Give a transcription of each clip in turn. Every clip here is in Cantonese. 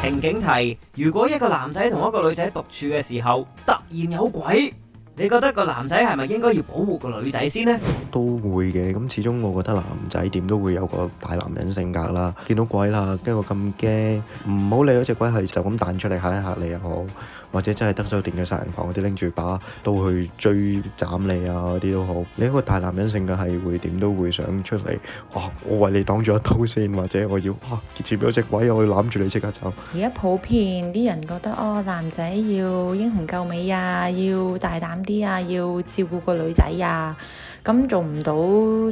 情景題：如果一個男仔同一個女仔獨處嘅時候，突然有鬼，你覺得個男仔係咪應該要保護個女仔先呢？都會嘅，咁始終我覺得男仔點都會有個大男人性格啦。見到鬼啦，跟住我咁驚，唔好理嗰隻鬼係就咁彈出嚟，嚇一嚇你又好。或者真係德州電嘅殺人狂，嗰啲拎住把刀去追斬你啊，嗰啲都好，你一個大男人性嘅係會點都會想出嚟，哇！我為你擋住一刀先，或者我要哇，前面有隻鬼，我要攬住你即刻走。而家普遍啲人覺得，哦，男仔要英雄救美啊，要大膽啲啊，要照顧個女仔啊。咁做唔到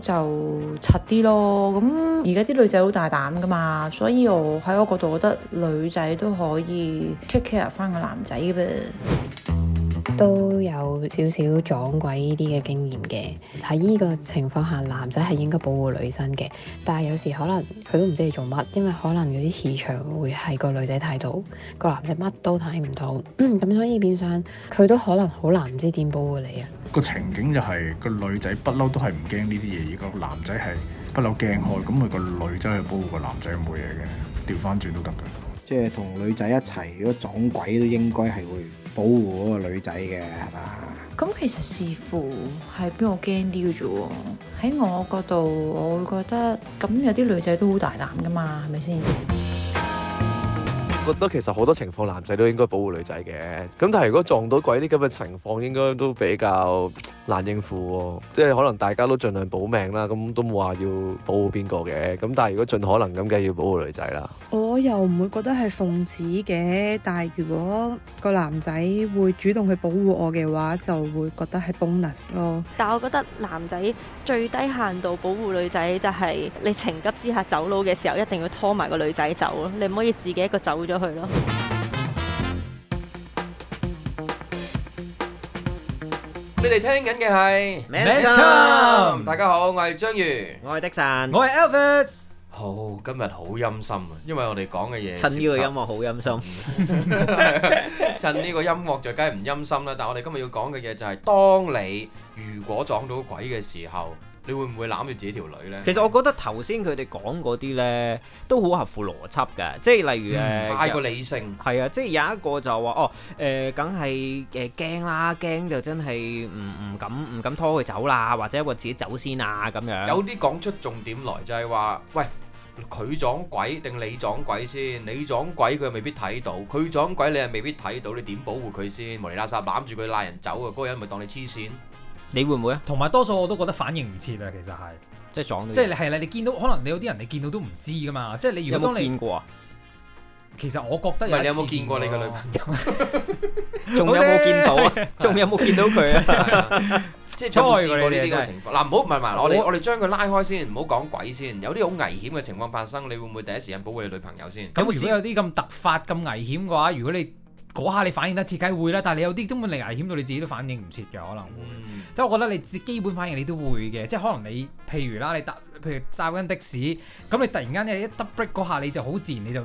就柒啲咯。咁而家啲女仔好大膽㗎嘛，所以我喺我角度，我覺得女仔都可以 take care 返個男仔嘅。都有少少撞鬼呢啲嘅經驗嘅，喺呢個情況下，男仔係應該保護女生嘅，但係有時可能佢都唔知你做乜，因為可能有啲磁場會係個女仔睇到，個男仔乜都睇唔到，咁 所以變相佢都可能好難唔知點保護你啊。個情景就係、是、個女仔不嬲都係唔驚呢啲嘢，而個男仔係不嬲驚害，咁佢個女仔去保護個男仔冇嘢嘅，調翻轉都得㗎。即係同女仔一齊，如果撞鬼都應該係會保護嗰個女仔嘅係嘛？咁其實視乎係邊個驚啲嘅啫喎。喺我角度，我會覺得咁有啲女仔都好大膽㗎嘛，係咪先？ 覺得其實好多情況男仔都應該保護女仔嘅，咁但係如果撞到鬼啲咁嘅情況，應該都比較難應付喎，即係可能大家都盡量保命啦，咁都冇話要保護邊個嘅，咁但係如果盡可能咁，梗係要保護女仔啦。我又唔會覺得係奉旨嘅，但係如果個男仔會主動去保護我嘅話，就會覺得係 bonus 咯。但我覺得男仔最低限度保護女仔就係你情急之下走佬嘅時候，一定要拖埋個女仔走咯，你唔可以自己一個走咗。去咯！你哋聽緊嘅係，大家好，我係章魚，我係 Tiksan，我係 Alvis。好，今日好陰森啊，因為我哋講嘅嘢趁呢個音樂好陰森，趁呢個音樂就梗係唔陰森啦。但係我哋今日要講嘅嘢就係，當你如果撞到鬼嘅時候。你會唔會攬住自己條女呢？其實我覺得頭先佢哋講嗰啲呢，都好合乎邏輯㗎，即係例如誒、嗯、太過理性係啊，即係有一個就話哦誒，梗係誒驚啦，驚就真係唔唔敢唔敢拖佢走啦，或者我自己走先啊咁樣。有啲講出重點來就，就係話喂，佢撞鬼定你撞鬼先？你撞鬼佢又未必睇到，佢撞鬼你又未必睇到，你點保護佢先？無釐啦撒攬住佢拉人走啊！嗰個人咪當你黐線？你會唔會啊？同埋多數我都覺得反應唔切啊，其實係即係撞到，即係你係啦，你見到可能你有啲人你見到都唔知㗎嘛，即係你如果當你有冇見過？其實我覺得你有冇見過你嘅女朋友？仲有冇見到啊？仲有冇見到佢啊？即係遭遇你呢個情況嗱，唔好唔係唔係，我我哋將佢拉開先，唔好講鬼先。有啲好危險嘅情況發生，你會唔會第一時間保護你女朋友先？咁如果有啲咁突發咁危險嘅話，如果你嗰下你反應得切梗會啦，但係你有啲根本你危險到你自己都反應唔切嘅可能會，即係、嗯、我覺得你基本反應你都會嘅，即係可能你譬如啦，你搭譬如揸緊的士，咁你突然間咧一 brake 嗰下你就好自然你就。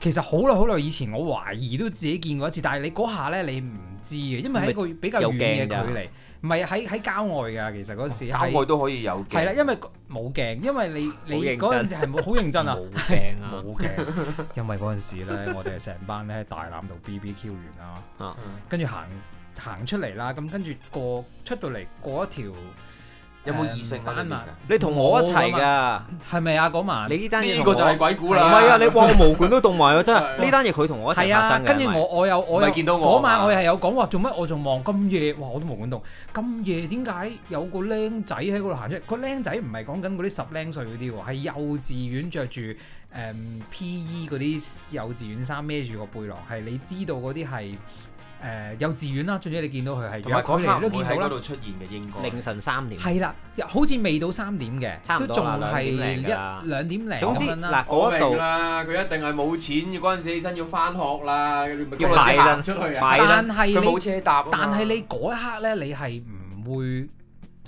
其實好耐好耐以前，我懷疑都自己見過一次，但係你嗰下咧，你唔知嘅，因為喺一個比較遠嘅距離，唔係喺喺郊外㗎。其實嗰時、啊、郊外都可以有鏡。係啦，因為冇鏡，因為你你嗰陣時係冇好認真啊。冇 鏡子啊！冇鏡， 因為嗰陣時咧，我哋成班咧大欖度 BBQ 完啦，跟住行行出嚟啦，咁跟住過出到嚟過一條。有冇異性啊？嘛、嗯，你同我一齊噶，係咪啊？嗰、啊、晚你呢單嘢，呢個就係鬼故啦、啊。唔係啊，你話毛管都凍埋喎， 真係呢單嘢佢同我一齊發生、啊、係係跟住我我又我又嗰、啊、晚我又係有講話，做乜我仲望咁夜？哇，我都毛管凍，咁夜點解有個僆仔喺嗰度行出嚟？個僆仔唔係講緊嗰啲十零歲嗰啲喎，係幼稚園着住誒 P.E. 嗰啲幼稚園衫，孭住個背囊，係你知道嗰啲係。誒幼稚園啦，最要你見到佢係，同埋嗰一刻都見到度出現嘅應該凌晨三點。係啦，好似未到三點嘅，都仲係一兩點零。總之嗱，嗰度啦，佢一定係冇錢嘅。嗰陣時起身要翻學啦，要行出去啊。但係你嗰一刻咧，你係唔會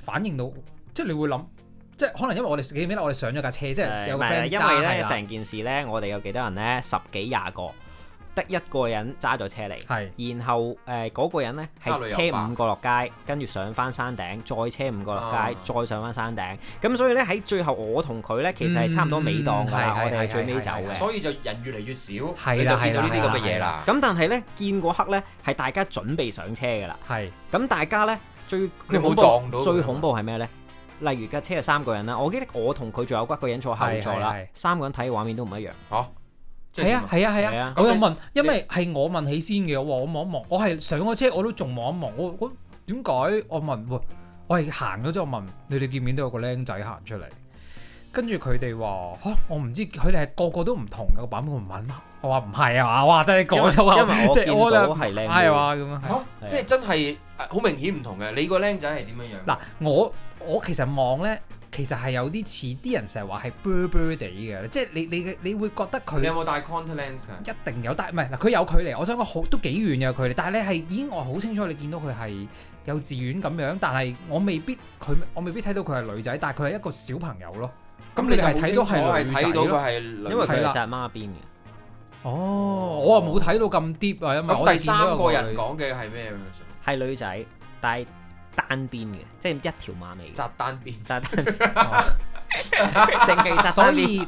反應到，即係你會諗，即係可能因為我哋記唔記得我哋上咗架車，即係有 friend 因為咧成件事咧，我哋有幾多人咧，十幾廿個。得一個人揸咗車嚟，然後誒嗰個人呢係車五個落街，跟住上翻山頂，再車五個落街，再上翻山頂。咁所以呢，喺最後，我同佢呢其實係差唔多尾檔，我哋係最尾走嘅。所以就人越嚟越少，你就見到呢啲咁嘅嘢啦。咁但係呢，見嗰刻呢係大家準備上車㗎啦。咁大家呢，最最恐怖係咩呢？例如架車係三個人啦，我記得我同佢仲有骨個人坐後座啦，三個人睇嘅畫面都唔一樣。係啊係啊係啊！啊啊啊我又問，你因為係我問起先嘅，我望一望，我係上咗車我都仲望一望，我我點解？我問喎，我係行咗之後問你哋見唔見到有個靚仔行出嚟，跟住佢哋話嚇，我唔、啊、知佢哋係個個都唔同嘅版本，唔問啦，我話唔係啊，哇！真係講粗口，即係我覺得係靚仔啊，咁啊嚇，啊即係真係好明顯唔同嘅，你個靚仔係點樣樣？嗱、啊，我我，我其實望咧。其實係有啲似啲人成日話係 blur blur 地嘅，即係你你你會覺得佢。你有冇戴 contact lens 啊？一定有戴，唔係嗱，佢有距離，我想講好都幾遠嘅距離，但係你係已經我好清楚你見到佢係幼稚園咁樣，但係我未必佢，我未必睇到佢係女仔，但係佢係一個小朋友咯。咁你就睇到係女仔咯，因為佢就紮孖辮嘅。媽媽哦，哦我啊冇睇到咁 deep 啊嘛。咁第三個人講嘅係咩？係女仔，但係單邊嘅。即係一條馬尾，紮單邊，紮單邊，正極紮。所以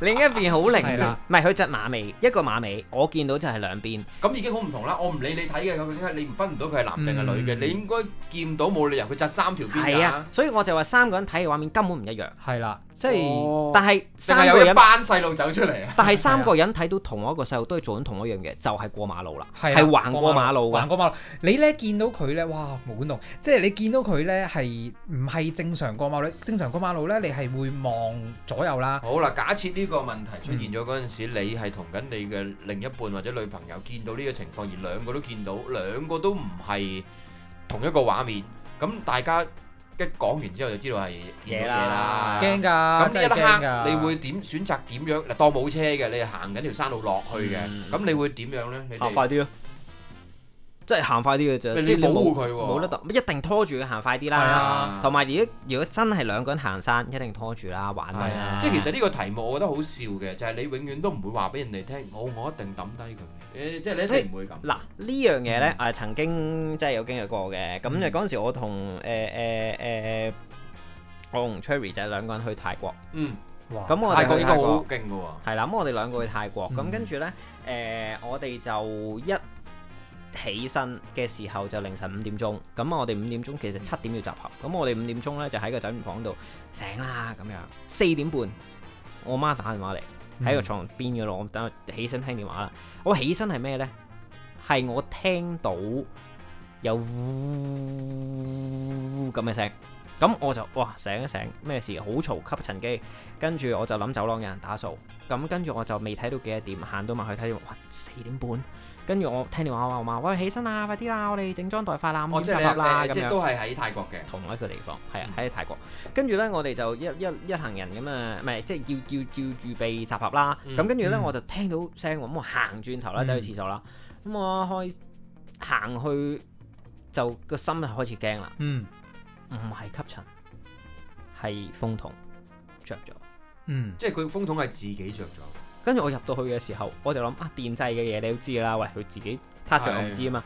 另一邊好靈啦，唔係佢紮馬尾，一個馬尾。我見到就係兩邊，咁已經好唔同啦。我唔理你睇嘅咁樣，你唔分唔到佢係男定係女嘅。你應該見到冇理由佢紮三條辮㗎。係啊。所以我就話三個人睇嘅畫面根本唔一樣。係啦，即係，但係三個人有一班細路走出嚟啊。但係三個人睇到同一個細路都係做緊同一樣嘅，就係過馬路啦。係橫過馬路，橫過馬路。你咧見到佢咧，哇，冇咁濃！即係你見到佢咧。係唔係正常過馬路？正常過馬路呢，你係會望左右啦。好啦，假設呢個問題出現咗嗰陣時，嗯、你係同緊你嘅另一半或者女朋友見到呢個情況，而兩個都見到，兩個都唔係同一個畫面，咁大家一講完之後就知道係嘢啦，驚噶，咁呢一刻你會點選擇？點樣嗱？當冇車嘅，你係行緊條山路落去嘅，咁、嗯、你會點樣呢？你哋快啲啊！即係行快啲嘅啫，即係冇冇得度，一定拖住佢行快啲啦。同埋如果如果真係兩個人行山，一定拖住啦，玩啦。即係其實呢個題目我覺得好笑嘅，就係你永遠都唔會話俾人哋聽，我我一定抌低佢。誒，即係你一定唔會咁。嗱，呢樣嘢咧誒，曾經真係有經歷過嘅。咁誒嗰陣時，我同誒誒誒，我同 Cherry 就兩個人去泰國。嗯，哇！咁泰國應該好勁嘅喎。係啦，咁我哋兩個去泰國，咁跟住咧誒，我哋就一。起身嘅時候就凌晨五點鐘，咁我哋五點鐘其實七點要集合，咁我哋五點鐘呢，就喺個酒店房度醒啦，咁樣四點半，我媽，媽打電話嚟喺，嗯、個床邊嘅咯，我等我起身聽電話啦，我起身係咩呢？係我聽到有嗚咁嘅聲，咁我就哇醒一醒，咩事？好嘈，吸塵機，跟住我就諗走廊有人打掃，咁跟住我就未睇到幾多點，行到埋去睇，哇，四點半。跟住我聽電話，我話我媽：喂，起身啊，快啲啦，我哋整裝待發啦，咁集合啦，咁樣。哦，即係你你即係都係喺泰國嘅同一個地方，係啊，喺泰國。跟住咧，我哋就一一一行人咁啊，唔係即係要要要預備集合啦。咁跟住咧，我就聽到聲，咁我行轉頭啦，走去廁所啦。咁我開行去就個心就開始驚啦。嗯，唔係吸塵，係風筒着咗。嗯，即係佢個風筒係自己着咗。跟住我入到去嘅時候，我就諗啊，電掣嘅嘢你都知啦，喂，佢自己撻着我唔知啊嘛。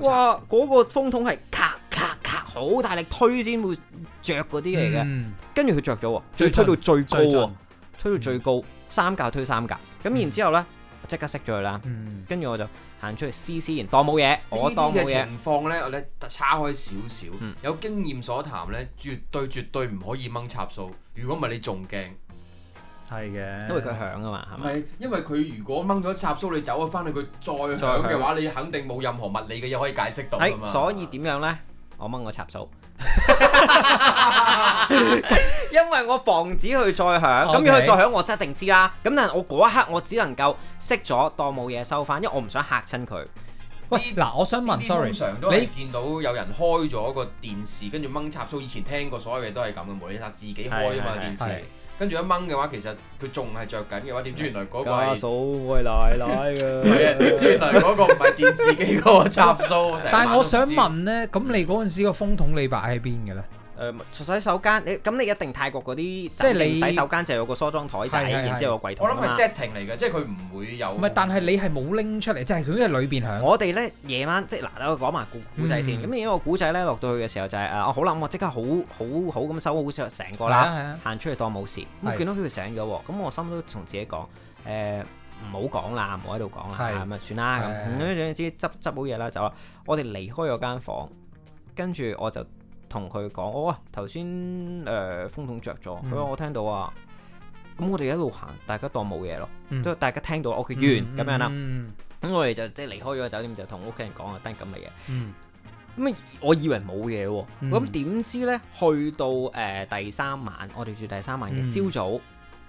哇，嗰個風筒係咔咔咔好大力推先會着嗰啲嚟嘅，跟住佢着咗，最推到最高啊，推到最高三格推三格，咁然之後呢，即刻熄咗佢啦。跟住我就行出去試試先，當冇嘢。我當冇嘢。呢啲嘅情況咧，我咧叉開少少，有經驗所談呢，絕對絕對唔可以掹插數，如果唔係你仲驚。係嘅，因為佢響啊嘛，係咪？唔係，因為佢如果掹咗插蘇你走咗翻去佢再響嘅話，你肯定冇任何物理嘅嘢可以解釋到啊嘛。係，所以點樣咧？我掹個插蘇，因為我防止佢再響。咁如果再響，我即定知啦。咁但係我嗰一刻，我只能夠熄咗，當冇嘢收翻，因為我唔想嚇親佢。喂，嗱，我想問，sorry，你見到有人開咗個電視，跟住掹插蘇，以前聽過所有嘢都係咁嘅模式，自己開啊嘛，電視。跟住一掹嘅話，其實佢仲係着緊嘅話，點知原來嗰個係家嫂，我係奶奶㗎。點知原來嗰個唔係電視機嗰個插蘇。但係我想問咧，咁你嗰陣時個風筒你擺喺邊嘅咧？誒，洗手間，你咁你一定泰國嗰啲即係洗手間就有個梳妝台仔，然之後個櫃台。我諗係 setting 嚟嘅，即係佢唔會有。唔係，但係你係冇拎出嚟，即係佢喺裏邊響。我哋咧夜晚即係嗱，我講埋古古仔先。咁因為我古仔咧落到去嘅時候就係誒，我好諗我即刻好好好咁收好所有成個啦，行出去當冇事。咁見到佢醒咗喎，咁我心都同自己講誒，唔好講啦，唔好喺度講啦，咁啊算啦。咁總之執執好嘢啦，走啦。我哋離開咗間房，跟住我就。同佢講，我話頭先誒風筒着咗，佢話、嗯、我聽到啊。咁我哋一路行，大家當冇嘢咯。都、嗯、大家聽到，O K 完咁、嗯、樣啦。咁、嗯、我哋就即係離開咗酒店，就同屋企人講啊，得咁嘅嘢。咁啊，我以為冇嘢喎。咁點、嗯、知咧？去到誒、呃、第三晚，我哋住第三晚嘅朝早，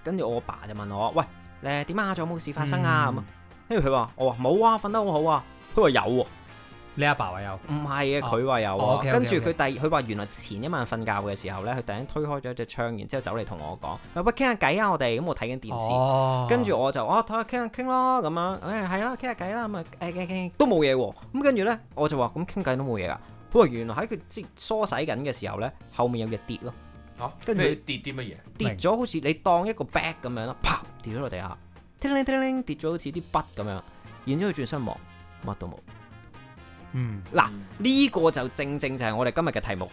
跟住、嗯、我爸就問我：，喂，誒點啊？仲有冇事發生啊？跟住佢話：，我話冇啊，瞓得好好啊。佢話有喎。你阿爸話有？唔係啊，佢話有啊。跟住佢第二，佢話原來前一晚瞓覺嘅時候咧，佢突然間推開咗一隻窗，然之後走嚟同我講：，不如傾下偈啊，我哋。咁我睇緊電視，跟住我就：，我同佢傾下傾咯。咁樣，誒係啦，傾下偈啦。咁啊，誒傾傾都冇嘢喎。咁跟住咧，我就話：，咁傾偈都冇嘢㗎。不過原來喺佢即係梳洗緊嘅時候咧，後面有嘢跌咯。跟住跌啲乜嘢？跌咗好似你當一個 bag 咁樣咯，啪跌咗落地下，叮叮叮叮跌咗好似啲筆咁樣。然之後佢轉身望，乜都冇。嗱，呢、嗯這個就正正就係我哋今日嘅題目。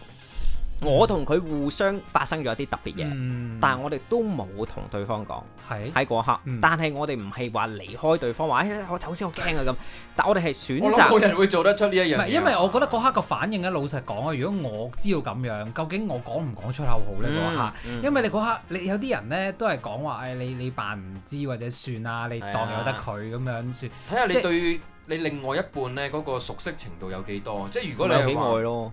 嗯、我同佢互相發生咗一啲特別嘢，嗯、但係我哋都冇同對方講喺喺嗰刻。嗯、但係我哋唔係話離開對方，話、哎、我頭先好驚啊咁。但我哋係選擇冇人會做得出呢一樣嘢。因為我覺得嗰刻個反應咧，老實講啊，如果我知道咁樣，究竟我講唔講出口好咧？嗰、嗯、刻，因為你嗰刻你有啲人咧都係講話，誒、哎，你你扮唔知或者算啊，你當有得佢咁樣算。睇下你對即。對你另外一半呢，嗰個熟悉程度有幾多？即係如果你係話，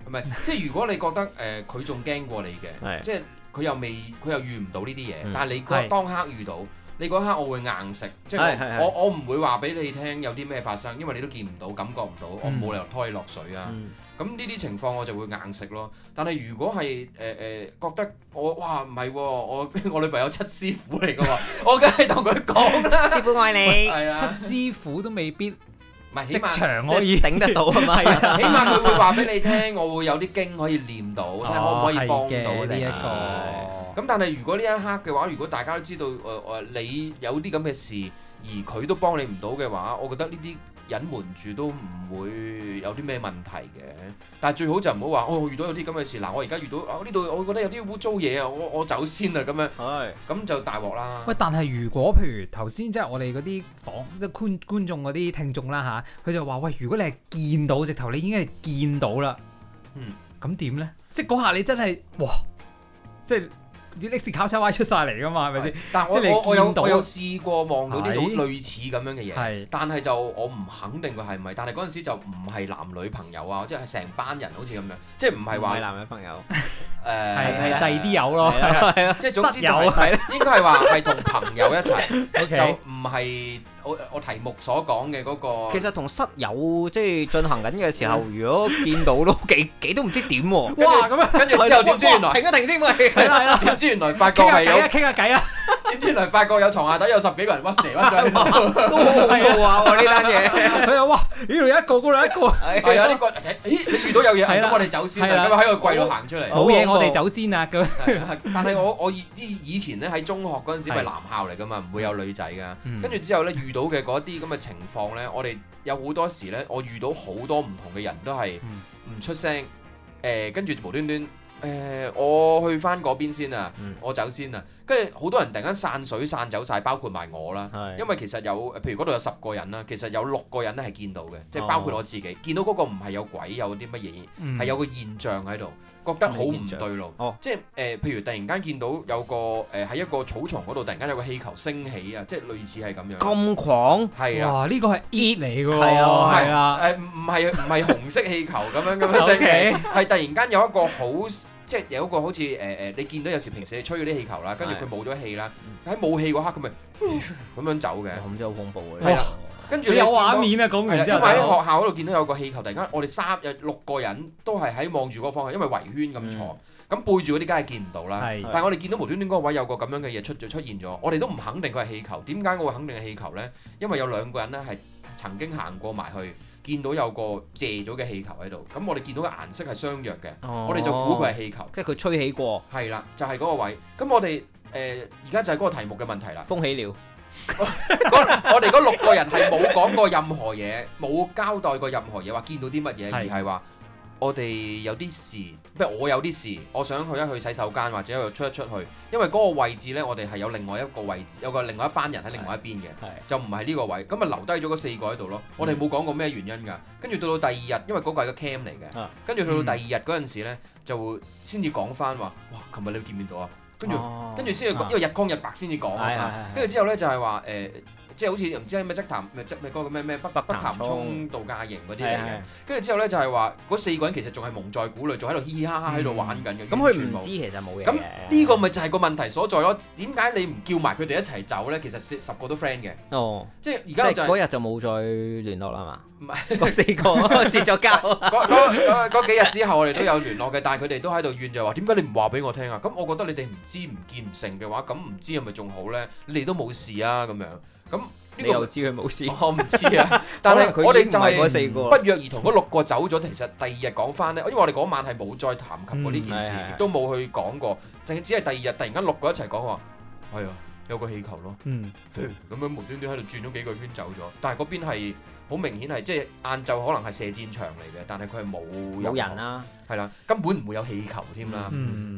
係咪？即係如果你覺得誒佢仲驚過你嘅，即係佢又未佢又遇唔到呢啲嘢，但係你嗰當刻遇到，你嗰刻我會硬食，即係我我唔會話俾你聽有啲咩發生，因為你都見唔到，感覺唔到，我冇理由拖你落水啊。咁呢啲情況我就會硬食咯。但係如果係誒誒覺得我哇唔係，我我女朋友七師傅嚟㗎嘛，我梗係同佢講啦，師傅愛你，七師傅都未必。唔係，起碼，即係是可以頂得到啊嘛！ 起碼佢會話俾你聽，我會有啲經可以念到，睇下、哦、可唔可以幫到你？咁、哦、但係如果呢一刻嘅話，如果大家都知道，誒、呃、誒、呃，你有啲咁嘅事，而佢都幫你唔到嘅話，我覺得呢啲。隱瞞住都唔會有啲咩問題嘅，但係最好就唔好話，哦，遇到有啲咁嘅事，嗱、啊，我而家遇到啊呢度，哦、我覺得有啲污糟嘢啊，我我先走先啦，咁樣，係是，咁就大鑊啦。喂，但係如果譬如頭先即係我哋嗰啲房即係觀觀眾嗰啲聽眾啦吓，佢、啊、就話喂，如果你係見到，直頭你已經係見到啦，嗯，咁點咧？即係嗰下你真係，哇，即係。啲歷史交叉位出晒嚟㗎嘛，係咪先？但係我我有我有試過望到呢種類似咁樣嘅嘢。係，但係就我唔肯定佢係咪。但係嗰陣時就唔係男女朋友啊，即係成班人好似咁樣，即係唔係話男女朋友？誒，係係第二啲友咯，即係總之就係應該係話係同朋友一齊，就唔係。我我題目所講嘅嗰個，其實同室友即係進行緊嘅時候，如果見到都幾幾都唔知點喎。哇，咁樣，跟住之後點知原來停一停先，咪係點知原來發覺係傾下偈啊！傾下偈啊！點知原來發覺有床下底有十幾個人屈蛇屈在。都好恐怖啊！呢單嘢，係啊！哇！咦？一個個兩一個，跟住有啲咦？你遇到有嘢，咁我哋走先啦。咁啊喺個櫃度行出嚟，冇嘢！我哋走先啊！咁，但係我我以前咧喺中學嗰陣時係男校嚟㗎嘛，唔會有女仔㗎。跟住之後咧遇到嘅嗰啲咁嘅情況呢，我哋有好多時呢，我遇到好多唔同嘅人都係唔出聲，誒、呃，跟住無端端誒、呃，我去翻嗰邊先啊，我先走先啊。即係好多人突然間散水散走晒，包括埋我啦。因為其實有譬如嗰度有十個人啦，其實有六個人咧係見到嘅，即係包括我自己，見到嗰個唔係有鬼有啲乜嘢，係有個現象喺度，覺得好唔對路。即係誒，譬如突然間見到有個誒喺一個草叢嗰度，突然間有個氣球升起啊！即係類似係咁樣。咁狂係啊！呢個係 e 嚟㗎喎。係啊係啊，誒唔係唔係紅色氣球咁樣咁樣升起，係突然間有一個好。即係有一個好似誒誒，你見到有時平時你吹嗰啲氣球啦，跟住佢冇咗氣啦，喺冇氣嗰刻佢咪咁樣走嘅，咁真係好恐怖嘅。係啊，嗯嗯嗯、跟住你有畫面啊，講完之後，啊、因為喺學校嗰度見到有個氣球突然間我，我哋三有六個人都係喺望住嗰個方向，因為圍圈咁坐，咁、嗯、背住嗰啲梗係見唔到啦。是但係我哋見到無端端嗰個位有個咁樣嘅嘢出咗出現咗，我哋都唔肯定佢係氣球。點解我會肯定係氣球咧？因為有兩個人咧係曾經行過埋去。見到有個借咗嘅氣球喺度，咁我哋見到嘅顏色係相若嘅，哦、我哋就估佢係氣球，即係佢吹起過。係啦，就係、是、嗰個位。咁我哋誒而家就係嗰個題目嘅問題啦。風起了， 我我哋嗰六個人係冇講過任何嘢，冇 交代過任何嘢，話見到啲乜嘢，的而係話。我哋有啲事，即係我有啲事，我想去一去洗手間或者又出一出去，因為嗰個位置咧，我哋係有另外一個位置，有個另外一班人喺另外一邊嘅，就唔係呢個位，咁咪留低咗嗰四個喺度咯。我哋冇講過咩原因㗎，跟住到到第二日，因為嗰個係個 cam 嚟嘅，跟住去到第二日嗰陣時咧，就先至講翻話，哇，琴日你見唔見到啊？跟住跟住先至，因為日光日白先至講啊嘛，跟住之後咧就係話誒。呃呃即係好似唔知咩咩北潭咩北咩嗰個咩咩北北潭涌度假營嗰啲嚟嘅，跟住之後咧就係話嗰四個人其實仲係蒙在鼓裏，仲喺度嘻嘻哈哈喺度玩緊嘅。咁佢唔知其實冇嘢嘅。咁呢個咪就係個問題所在咯。點解你唔叫埋佢哋一齊走咧？其實十十個都 friend 嘅。哦，即係而家嗰日就冇再聯絡啦嘛。唔係嗰四個結咗交。嗰嗰嗰幾日之後我哋都有聯絡嘅，但係佢哋都喺度怨著話：點解你唔話俾我聽啊？咁我覺得你哋唔知唔見唔成嘅話，咁唔知係咪仲好咧？你哋都冇事啊咁樣。咁你又知佢冇事？我唔知啊， 但係是 我哋就係不約而同嗰六個走咗。 其實第二日講返呢，因為我哋嗰晚係冇再談及過呢件事，嗯，亦都冇去講過，淨係只係第二日突然間六個一齊講話，係啊，有個氣球咯，嗯，咁樣無端端喺度轉咗幾個圈走咗，但係嗰邊係。好明顯係即係晏晝可能係射箭場嚟嘅，但係佢係冇有人啦，係啦，根本唔會有氣球添啦，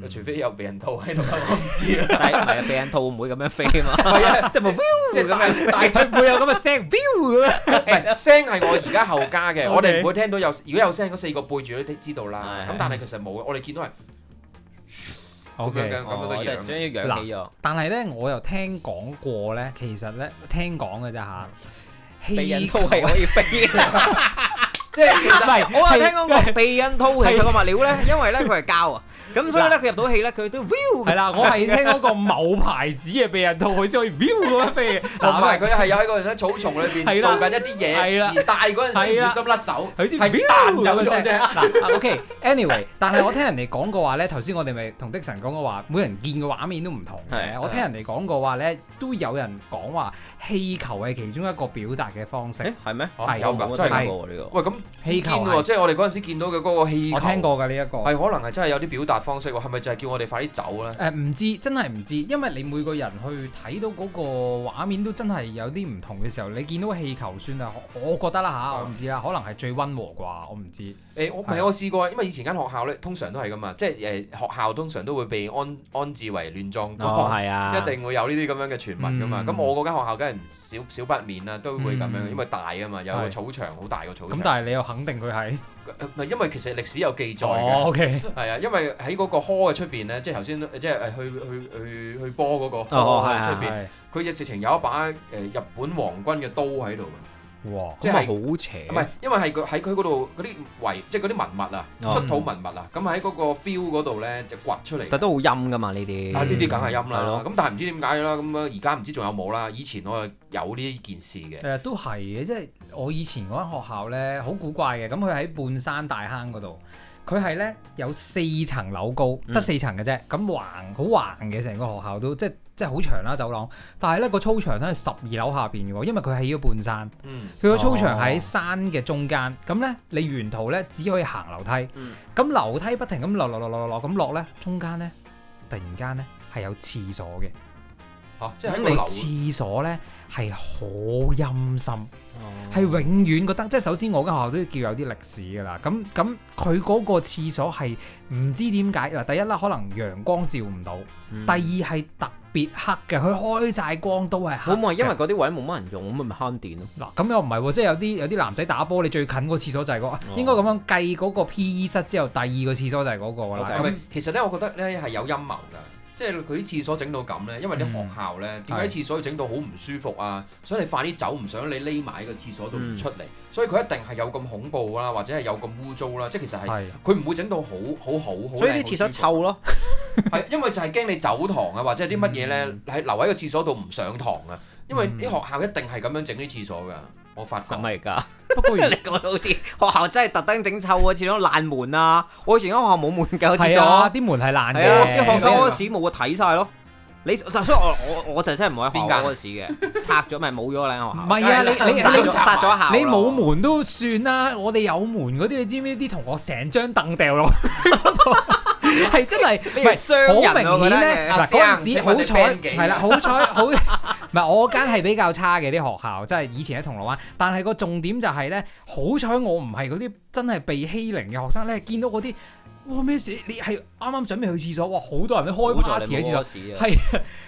除非有避孕套喺度，我唔知啊，係啊，避孕套唔會咁樣飛啊嘛，係啊，即係唔會咁樣，但係會有咁嘅聲，唔會咁樣，唔係聲係我而家後加嘅，我哋唔會聽到有，如果有聲嗰四個背住都知道啦，咁但係其實冇，我哋見到係咁樣嘅咁樣嘅樣，但係咧我又聽講過咧，其實咧聽講嘅啫嚇。避孕套係可以飛， 即係其實是我有聽講過，避孕套其實個物料咧，是因為咧佢係膠啊。 咁所以咧，佢入到戲咧，佢都飆係啦！我係聽嗰個某牌子嘅避孕套，佢先可以飆咁樣飛。嗱，佢係有喺嗰陣時草叢裏邊做緊一啲嘢，而戴嗰陣時小心甩手，佢先係飆走嘅啫。嗱，OK，anyway，但係我聽人哋講過話咧，頭先我哋咪同迪神講過話，每人見嘅畫面都唔同嘅。我聽人哋講過話咧，都有人講話氣球係其中一個表達嘅方式。係咩？有㗎，真係呢個。喂，咁氣球即係我哋嗰陣時見到嘅嗰個氣球。我聽過㗎呢一個。係可能係真係有啲表達。方式喎，係咪就係叫我哋快啲走咧？誒唔、嗯、知，真係唔知，因為你每個人去睇到嗰個畫面都真係有啲唔同嘅時候，你見到氣球算啦，我覺得啦嚇、啊，我唔知啊，可能係最溫和啩，我唔知。誒、欸、我唔係、嗯、我試過，因為以前間學校咧，通常都係噶嘛，即係誒學校通常都會被安安置為亂葬崗，哦係啊，一定會有呢啲咁樣嘅傳聞噶嘛。咁我嗰間學校梗係唔。小小不免啦，都會咁樣，嗯、因為大啊嘛，有個草場好大個草場。咁是但係你又肯定佢係？唔係因為其實歷史有記載嘅。OK 係啊，因為喺嗰個殼嘅出邊咧，即係頭先，即係去去去去波嗰個殼嘅出邊，佢亦、哦啊啊、直情有一把誒、呃、日本皇軍嘅刀喺度。嗯哇！即係好邪，唔係？因為係佢喺佢嗰度嗰啲遺，即係嗰啲文物啊，哦、出土文物那那啊，咁喺嗰個 feel 嗰度咧就掘出嚟。嗯哦、但都好陰噶嘛呢啲，啊呢啲梗係陰啦。咁但係唔知點解啦。咁而家唔知仲有冇啦。以前我有呢一件事嘅。誒、嗯、都係嘅，即、就、係、是、我以前嗰間學校咧，好古怪嘅。咁佢喺半山大坑嗰度。佢係咧有四層樓高，得四層嘅啫。咁橫好橫嘅，成個學校都即係即係好長啦走廊。但係咧個操場咧係十二樓下邊嘅喎，因為佢喺依個半山。佢個、嗯、操場喺山嘅中間。咁咧、哦、你沿途咧只可以行樓梯。嗯，咁樓梯不停咁落落落落落落咁落咧，中間咧突然間咧係有廁所嘅。嚇、啊，即係喺你廁所咧係好陰森。係永遠覺得即係，首先我間學校都要叫有啲歷史噶啦。咁咁佢嗰個廁所係唔知點解嗱，第一啦，可能陽光照唔到，嗯、第二係特別黑嘅，佢開晒光都係黑。咁啊，因為嗰啲位冇乜人用，咁咪咪慳電咯。嗱，咁又唔係即係有啲有啲男仔打波，你最近個廁所就係、嗰個、哦、應該咁樣計嗰個 P.E. 室之後第二個廁所就係嗰個啦 Okay.。其實咧，我覺得咧係有陰謀噶。即係佢啲廁所整到咁呢？因為啲學校呢點解啲廁所要整到好唔舒服啊？是的 所以你快啲走，唔想你匿埋喺個廁所度出嚟，嗯、所以佢一定係有咁恐怖啦，或者係有咁污糟啦。即係其實係佢唔會整到好好好好。所以啲廁所臭咯了，因為就係驚你走堂啊，或者啲乜嘢呢，喺、嗯、留喺個廁所度唔上堂啊。因為啲學校一定係咁樣整啲廁所噶。我發覺唔係㗎，不過原來講到好似學校真係特登整臭啊，始終爛門啊！我以前間學校冇門㗎，始終係啊，啲門係爛嘅。啲學校屙屎冇嘅睇晒咯，你所以我我我就真係唔喺學校屙屎嘅，拆咗咪冇咗兩間學校。唔係啊，你你你拆咗下？你冇門都算啦。我哋有門嗰啲，你知唔知啲同學成張凳掉咗？係真係唔係好明顯咧？嗱，嗰陣時好彩係啦，好彩好。唔係我間係比較差嘅啲學校，即係以前喺銅鑼灣。但係個重點就係、係、咧，好彩我唔係嗰啲真係被欺凌嘅學生咧，見到嗰啲哇咩事？你係啱啱準備去廁所，哇！好多人都開 party 喺醜廁所，係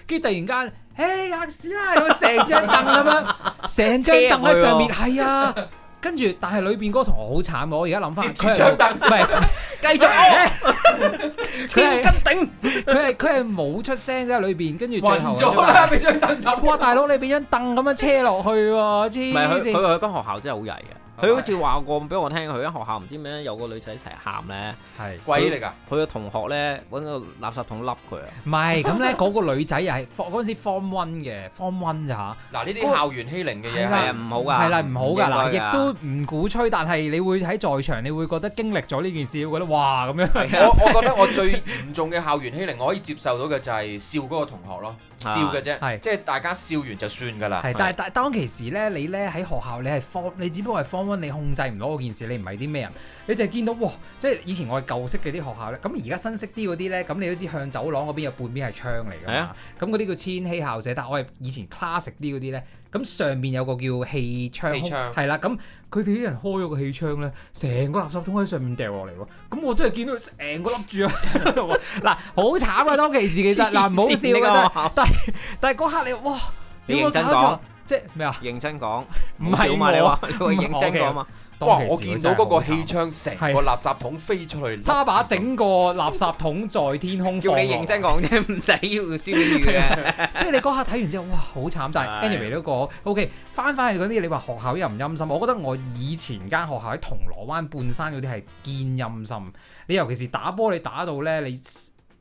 跟住突然間，哎，吔屎啦！成張凳咁樣，成 張凳喺上面，係啊！的 跟住，但係裏邊嗰個同學好慘嘅，我而家諗翻，佢唔係繼續，千斤、哎、呀頂，佢係佢係冇出聲啫，裏邊跟住最後，發哇大佬你畀張凳咁樣車落去喎、啊，黐線！佢佢佢間學校真係好曳嘅。佢好似話過俾我聽，佢喺學校唔知咩有個女仔一齊喊咧，係鬼嚟㗎。佢個同學咧揾個垃圾桶笠佢啊！唔係咁咧，嗰個女仔又係嗰陣時 form one 嘅 form one 咋嚇。嗱呢啲校園欺凌嘅嘢係唔好㗎，係啦唔好㗎嗱，亦都唔鼓吹。但係你會喺在場，你會覺得經歷咗呢件事，會覺得哇咁樣。我我覺得我最嚴重嘅校園欺凌，我可以接受到嘅就係笑嗰個同學咯，笑嘅啫，即係大家笑完就算㗎啦。係，但係但當其時咧，你咧喺學校你係 form 你只不過係 form。你控制唔到嗰件事，你唔係啲咩人，你就係見到哇，即係以前我係舊式嘅啲學校咧，咁而家新式啲嗰啲咧，咁你都知向走廊嗰邊有半邊係窗嚟噶嘛，咁嗰啲叫千禧校舍，但係我係以前 classic 啲嗰啲咧，咁上面有個叫氣窗，窗，係啦，咁佢哋啲人開咗個氣窗咧，成個垃圾桶喺上面掉落嚟喎，咁我真係見到成個笠住 啊，嗱，好慘啊當其時其實，嗱唔好笑噶，但係但係嗰刻你哇，你認真講。即係咩啊？認真講，唔係你話，我認真講嘛！哇，我見到嗰個氣槍，成個垃圾桶飛出去，他把整個垃圾桶在天空叫你認真講啫？唔使要專業嘅。即係你嗰刻睇完之後，哇，好慘！但係 Anyway 都個 OK，翻返去嗰啲你話學校又唔陰森，我覺得我以前間學校喺銅鑼灣半山嗰啲係堅陰森。你尤其是打波，你打到咧你。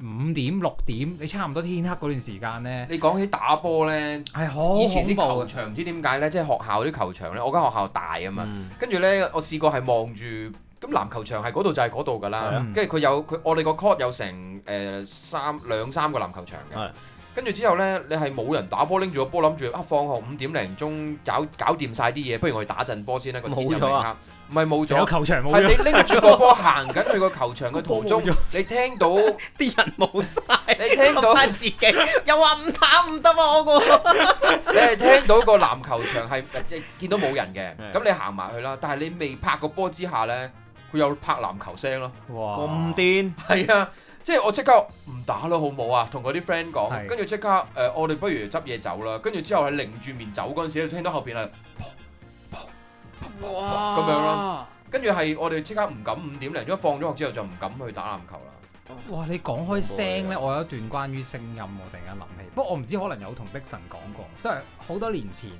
五點六點，你差唔多天黑嗰段時間呢。你講起打波呢，係好恐怖。以前啲球場唔知點解呢，即係學校啲球場呢，我間學校大啊嘛，跟住呢，我試過係望住，咁籃球場係嗰度就係嗰度㗎啦。跟住佢有佢，我哋個 court 有成誒三兩三個籃球場嘅。跟住之後呢，你係冇人打波，拎住個波諗住啊放學五點零鐘搞搞掂晒啲嘢，不如我去打陣波先啦。冇錯啊，個天黑。唔係冇咗，球場冇係你拎住個波行緊去個球場嘅途中，完你聽到啲 人冇晒， 你聽到 自己又話唔打唔得我喎。 你係聽到個籃球場係即係見到冇人嘅，咁 你行埋去啦。但係你未拍個波之下咧，佢有拍籃球聲咯。哇！咁癲係啊！即、就、係、是、我即刻唔打啦，好冇啊！同嗰啲 friend 講，跟住即刻誒，我、呃、哋不如執嘢走啦。跟住之後係擰住面走嗰陣時，聽到後邊係。咁哇樣咯，跟住係我哋即刻唔敢五點零，咗，放咗學之後就唔敢去打籃球啦。哇，你講開聲咧，我有一段關於聲音，我突然間諗起。不過我唔知可能有同 Tiksan 講過，都係好多年前，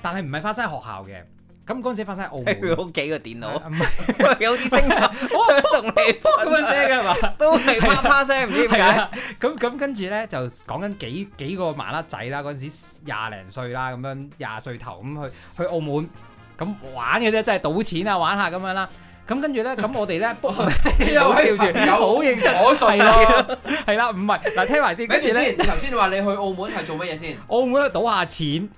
但係唔係發生喺學校嘅。咁嗰陣時發生喺澳門，好幾個電腦，啊、 有啲聲音，哇， 同你搏一聲嘅嘛，都係花花聲，唔、啊、知點解。咁咁跟住咧就講緊幾幾個麻甩仔啦，嗰陣時廿零歲啦，咁樣廿歲頭咁去去澳門。咁玩嘅啫，真係賭錢啊，玩下咁樣啦。咁跟住咧，咁我哋咧卜，有 o k 唔好認真攞稅咯，係啦，唔係嗱，聽埋先。跟住咧，頭先話你去澳門係做乜嘢先？澳門咧，賭下錢，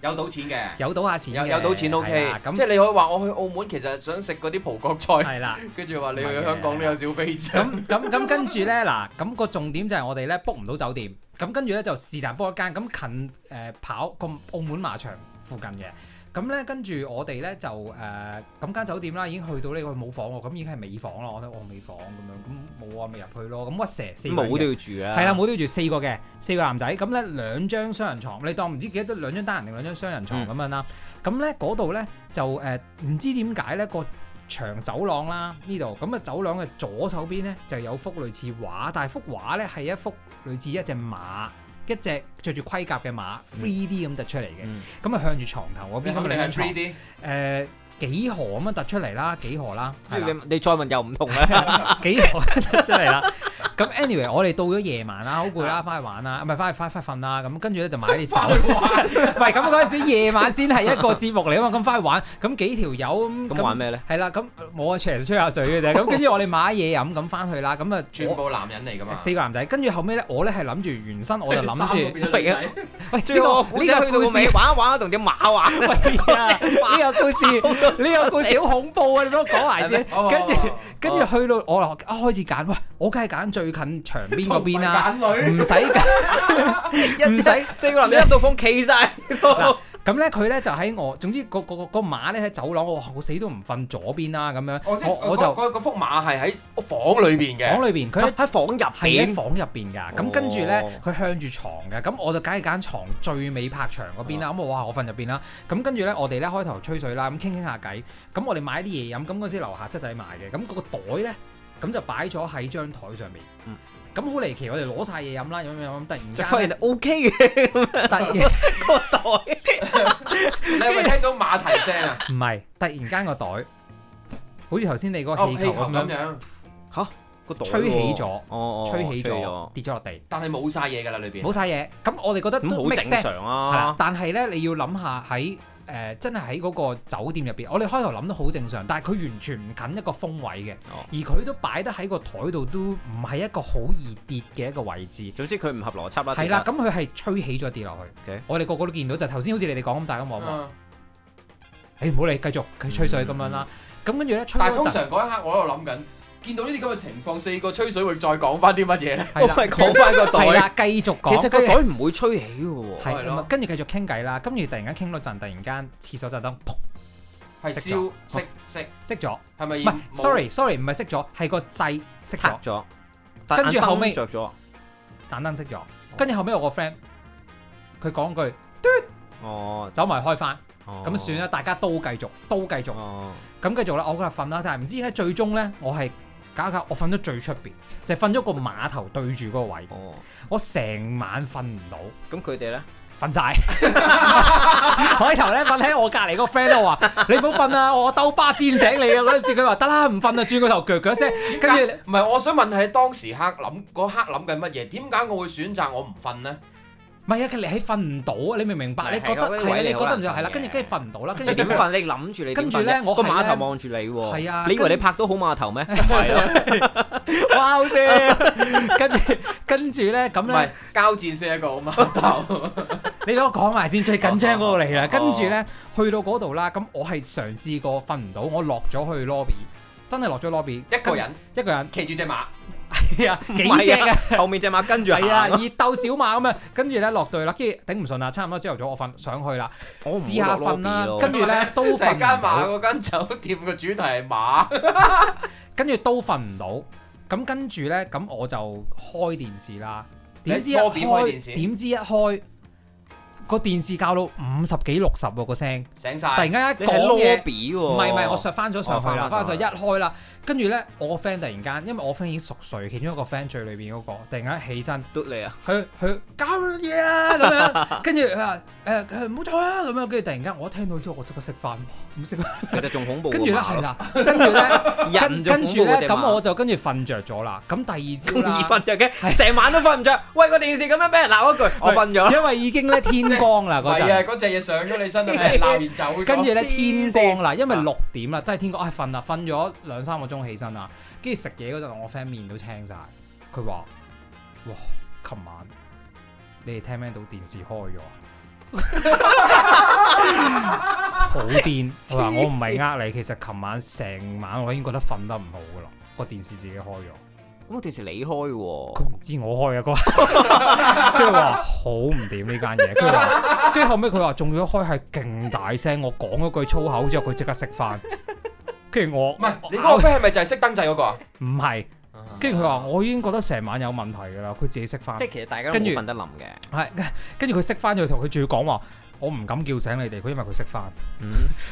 有賭錢嘅，有賭下錢，有賭錢。O K，咁即係你可以話我去澳門其實想食嗰啲葡國菜，係啦。跟住話你去香港都有小飛象。咁咁咁跟住咧，嗱，咁個重點就係我哋咧 book 唔到酒店。咁跟住咧就是但 book 一間咁近誒跑個澳門馬場附近嘅。咁咧，跟住我哋咧就誒，咁、呃、間酒店啦，已經去到呢個冇房喎，咁已經係尾房啦，我覺得我尾、哦、房咁樣，咁冇啊，咪入去咯。咁哇蛇四冇都要住啊，係啦，冇都要住四個嘅，四個男仔。咁咧兩張雙人床，你當唔知幾多？兩張單人定兩張雙人床咁、嗯、樣啦。咁咧嗰度咧就誒，唔、呃、知點解咧個長走廊啦呢度，咁啊走廊嘅左手邊咧就有幅類似畫，但係幅畫咧係一幅類似一隻馬。一隻着住盔甲嘅馬，3D 咁凸出嚟嘅，咁啊、嗯、向住床頭嗰邊咁啊向 3D，誒幾何咁樣凸出嚟啦，幾何，幾何、啊、啦，你你再問又唔同啦， 幾何凸出嚟啦。咁 anyway 我哋到咗夜晚啦，好攰啦，翻去玩啦，唔係翻去翻翻瞓啦，咁跟住咧就買啲酒，唔係咁嗰陣時夜晚先係一個節目嚟㗎嘛，咁翻去玩，咁幾條友咁，咁玩咩咧？係啦，咁我吹下水嘅啫，咁跟住我哋買嘢飲，咁翻去啦，咁啊全部男人嚟㗎嘛，四個男仔，跟住後尾咧，我咧係諗住原身，我就諗住，喂，最後呢個故事去到尾玩一玩，同啲馬玩啊，呢個故事呢個故事好恐怖啊，你幫我講埋先，跟住跟住去到我啦，一開始揀，哇，我梗係揀最。最近牆邊嗰邊啦、啊，唔使揀，唔使不用 四個人都一道風企晒、 啊。嗱咁咧，佢咧就喺我，總之個個個馬咧喺走廊，我死都唔瞓左邊啦咁樣。我就嗰幅馬係喺房裏邊嘅， 房裏邊佢喺房入係喺房入邊㗎。咁、哦、跟住咧，佢向住床嘅，咁我就梗係揀床最尾拍牆嗰邊啦。咁、哦、我話，我瞓入邊啦。咁跟住咧，我哋咧開頭吹水啦，咁傾傾下偈，咁我哋買啲嘢飲，咁嗰時樓下七仔買嘅，咁、那、嗰個袋咧。咁就擺咗喺張台上面。嗯。咁好離奇，我哋攞晒嘢飲啦，飲飲飲，突然間咧 OK 嘅。突然個袋。你有冇聽到馬蹄聲啊？唔係，突然間個袋，好似頭先你個氣球咁樣。吓？個袋。吹起咗，哦吹起咗，跌咗落地。但係冇晒嘢㗎啦，裏邊。冇晒嘢。咁我哋覺得都好正常啊。但係咧，你要諗下喺。誒、呃、真係喺嗰個酒店入邊，我哋開頭諗都好正常，但係佢完全唔近一個風位嘅，oh. 而佢都擺得喺個台度都唔係一個好易跌嘅一個位置。總之佢唔合邏輯啦。係啦吧，咁佢係吹起咗跌落去。Okay. 我哋個個都見到就頭、是、先好似你哋講咁，大家望望。誒，唔好理，繼續佢吹水咁樣啦。咁跟住咧，呢但係通常嗰一刻我喺度諗緊。見到呢啲咁嘅情況，四個吹水會再講翻啲乜嘢咧？我係講翻個袋，係啦，繼續講。其實個袋唔會吹起嘅喎，係，跟住繼續傾偈啦，跟住突然間傾到陣，突然間廁所執燈，砰！係熄熄熄咗，係咪？唔係，sorry sorry，唔係熄咗，係個掣熄咗。跟住後尾，著咗，但燈熄咗。跟住後尾有個 friend 佢講句，嘟，哦，走埋開翻，咁算啦，大家都繼續，都繼續，咁繼續啦，我覺得瞓啦，但係唔知喺最終咧，我係。加加，我瞓咗最出邊，就係瞓咗個碼頭對住嗰個位。我成晚瞓唔到，咁佢哋咧瞓晒！我開頭咧瞓喺我隔離個 friend 都話：你唔好瞓啦，我兜巴煎醒你啊！嗰陣時佢話：得啦，唔瞓啦，轉個頭腳腳聲。跟住唔係，我想問係當時刻諗嗰刻諗緊乜嘢？點解我會選擇我唔瞓呢？唔係啊，佢你係瞓唔到，你明唔明白？你覺得係啊，你覺得就係啦，跟住跟住瞓唔到啦，跟住點瞓？你諗住你，跟住咧，我係個馬頭望住你喎。係啊，你以為你拍到好馬頭咩？唔係啦，哇先，跟住跟住咧，咁咧交戰先一個好馬頭。你俾我講埋先最緊張嗰度嚟啦。跟住咧，去到嗰度啦，咁我係嘗試過瞓唔到，我落咗去 lobby，真係落咗去 lobby，一個人一個人騎住隻馬。係啊， 幾正啊，啊？ 後面隻馬跟住啊，係 啊，熱鬥小馬咁啊。跟住咧落隊啦，跟住頂唔順啊，差唔多朝頭早我瞓上去啦，試下瞓啦，跟住咧都瞓。成間馬嗰間酒店個主題係馬，跟住都瞓唔到。咁跟住咧，咁我就開電視啦。點知一開，點知一開個電視校到五十幾六十個、啊、聲，醒曬了。突然間一講唔係唔係，我上翻咗上房啦，翻上一開啦。跟住咧，我個 friend 突然間，因為我 friend 已經熟睡，其中一個 friend 最裏邊嗰個，突然間起身，嘟你啊，佢佢搞嘢啊咁樣，跟住佢話誒誒唔好嘈啦咁樣，跟住突然間我一聽到之後，我即刻食飯，唔食啊，其實仲恐怖。跟住咧係啦，跟住咧，跟住咧，咁我就跟住瞓着咗啦。咁第二朝，第二瞓着嘅，成晚都瞓唔着。喂個電視咁樣俾人鬧一句，我瞓咗。因為已經咧天光啦嗰陣，嗰隻嘢上咗你身度咩？鬧完走。跟住咧天光啦，因為六點啦，真係天光，瞓啦，瞓咗兩三個鐘。起身啦、啊，跟住食嘢嗰陣，我 friend 面都青晒。佢話：哇，琴晚你哋聽唔聽到電視開咗啊？ 好癲癲！佢話我唔係呃你，其實琴晚成晚我已經覺得瞓得唔好噶啦。個電視自己開咗。咁個電視你開喎、哦？佢唔知我開啊哥，跟住話好唔掂呢間嘢。跟住跟住後尾，佢話仲要開係勁大聲，我講咗句粗口之後，佢即刻熄翻。跟住我，唔係麼是你嗰個飛係咪就係熄燈掣嗰個啊？唔係， 跟住佢話我已經覺得成晚有問題㗎啦，佢自己熄翻。即係、嗯、後其實大家都冇瞓得冧嘅。係，跟住佢熄翻，再同佢仲要講話。我唔敢叫醒你哋，佢因為佢食飯，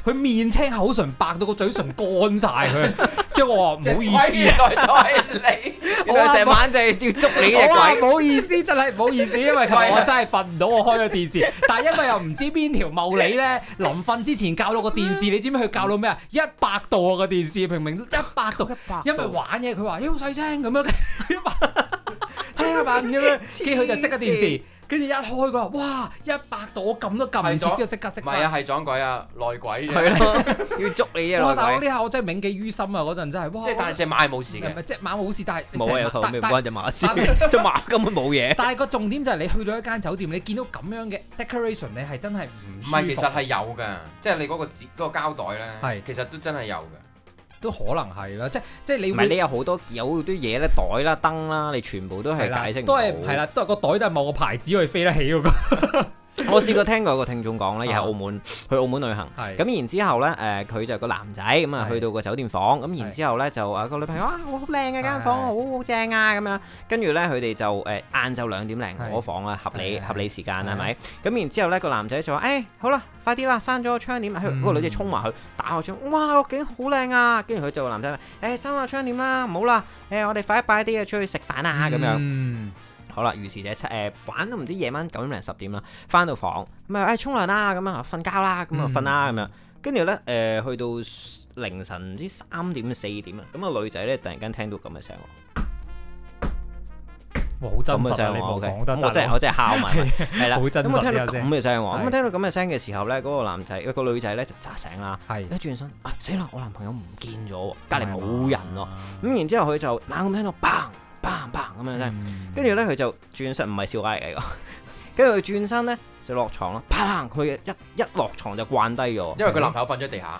佢、嗯、面青口唇白到個嘴唇乾晒。佢， 即係我話唔好，啊、 好意思，我成晚就係要捉你嘅鬼。我話唔好意思，真係唔好意思，因為琴日我真係瞓唔到，我開咗電視， 但係因為又唔知邊條茂理咧。臨瞓 之前校到個電視，你知唔知佢校到咩啊？欸、看一百度啊個電視，明明一百度，一百因為玩嘢。佢話好細聲咁樣，聽下吧咁樣，結果就熄咗電視。跟住一開佢話：哇，一百度我撳都撳唔切，即刻熄。唔係啊，係撞鬼啊，內鬼啫，要捉你啊大佬，呢下我真係銘記於心啊，嗰陣真係。即係但係隻馬冇事嘅。唔係隻馬冇事，但係成日頭咪唔關隻馬事，隻馬根本冇嘢。但係個重點就係你去到一間酒店，你見到咁樣嘅 decoration，你係真係唔舒服。唔係，其實係有㗎，即係你嗰個紙嗰個膠袋咧，其實都真係有㗎。都可能係啦，即係即係你唔係你有好多有啲嘢咧，袋啦燈啦，你全部都係解釋唔到，都係係啦，都係個袋都係某個牌子可以飛得起嗰個 我試過聽過一個聽眾講咧，又係澳門去澳門旅行，咁然之後咧，誒佢就個男仔咁啊，去到個酒店房，咁然之後咧就啊個女朋友啊好靚啊間房，好好正啊咁樣，跟住咧佢哋就誒晏晝兩點零攞房啊，合理合理時間係咪？咁然之後咧個男仔就話，誒好啦，快啲啦，閂咗個窗簾，去嗰個女仔衝埋去打開窗，哇，個景好靚啊！跟住佢就個男仔話，誒閂下窗簾啦，唔好啦，誒我哋快一快啲啊出去食飯啊咁樣。好啦，如是者七誒玩都唔知夜晚九點零十點啦，返到房咁、嗯哎、啊，誒沖涼啦，咁啊瞓覺啦，咁啊瞓啦，咁樣跟住咧誒，去到凌晨唔知三點四點啊，咁個女仔咧突然間聽到咁嘅聲，哇！好真實啊！你模仿得，我真係我真係喊埋，係 啦，好真實啊！咁啊、嗯、聽到咁嘅聲，我咁啊聽到咁嘅聲嘅時候咧，嗰、嗰個男仔、嗰個女仔咧就扎醒啦，係是一轉身啊、哎、死啦！我男朋友唔見咗，隔離冇人咯，咁、嗯嗯、然之後佢就猛咁聽到 bang。砰砰咁樣聲，跟住咧佢就轉身，唔係笑話嚟嘅。跟住佢轉身咧就落床咯，砰！佢一一落床就慣低咗，因為佢男朋友瞓咗地下。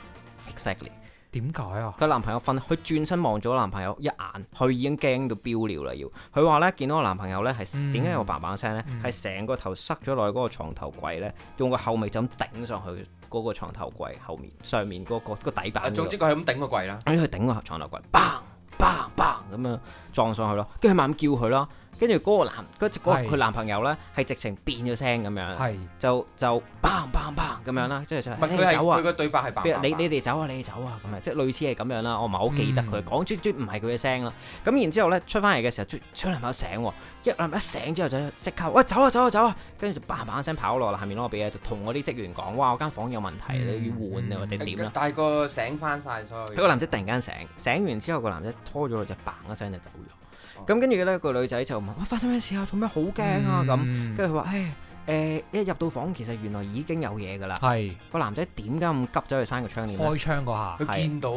Exactly，點解啊？佢男朋友瞓，佢轉身望咗男朋友一眼，佢已經驚到飆尿啦！要，佢話咧見到個男朋友咧係點解有個砰砰聲咧？係成、嗯、個頭塞咗落去嗰個床頭櫃咧，用個後尾枕頂上去嗰個床頭櫃後面上面嗰、個、個底板。啊，總之佢係咁頂個櫃啦。佢去頂個床頭櫃，砰！嘭嘭咁樣撞上去咯，跟住佢慢慢叫佢啦。跟住嗰個男，佢是的 男朋友咧，係直情變咗聲咁樣，是的 就就 bang bang bang 咁樣啦，即係佢走啊！佢個對白係 bang 你你哋走啊！你哋走啊！咁啊、嗯，即係類似係咁樣啦，我唔係好記得佢講，專專唔係佢嘅聲啦。咁然之後咧，出翻嚟嘅時候，專專男朋友醒喎，一男一醒之後就即刻喂走啊走啊走啊，走啊走啊砰砰聲跟住就 bang bang 聲跑落啦，下面攞個俾就同我啲職員講：哇，我間房間有問題，你要換啊，嗯、或者點啦？大個醒翻晒所有。佢個男仔突然間醒，醒完之後個男仔拖咗佢就 bang 一聲就走咗。咁跟住咧，呢個女仔就問：哇，發生咩事啊？做咩好驚啊？咁，跟住佢話：誒，誒、欸，一入到房，其實原來已經有嘢㗎喇。係個是男仔點解咁急走去閂個窗簾？開窗嗰下，佢是見到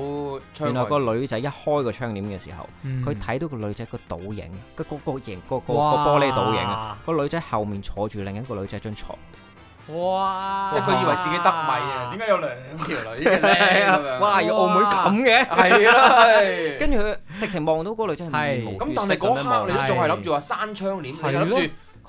窗。原來個女仔一開個窗簾嘅時候，佢睇、嗯、到個女仔個倒影，個個個影，個個個玻璃倒影啊！個哇女仔後面坐住另一個女仔張床。哇！即係佢以為自己得米啊？點解有兩條女嘅？靚咁哇！澳門咁嘅，係啊，跟住佢直情望到嗰女仔係面無血色咁。但係嗰刻你都仲係諗住話閂窗簾，你諗住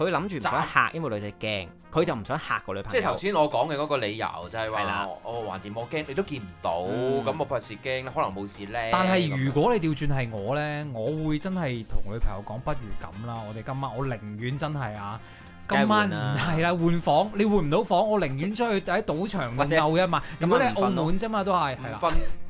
佢諗住唔想嚇，因為女仔驚。佢就唔想嚇個女朋友。即係頭先我講嘅嗰個理由就係話：我橫掂我驚，你都見唔到，咁我怕是驚，可能冇事咧。但係如果你調轉係我咧，我會真係同女朋友講，不如咁啦，我哋今晚我寧願真係啊。今晚唔係啦，換房你換唔到房，我寧願出去喺賭場度鬧一晚。如果你係澳門啫嘛，都係，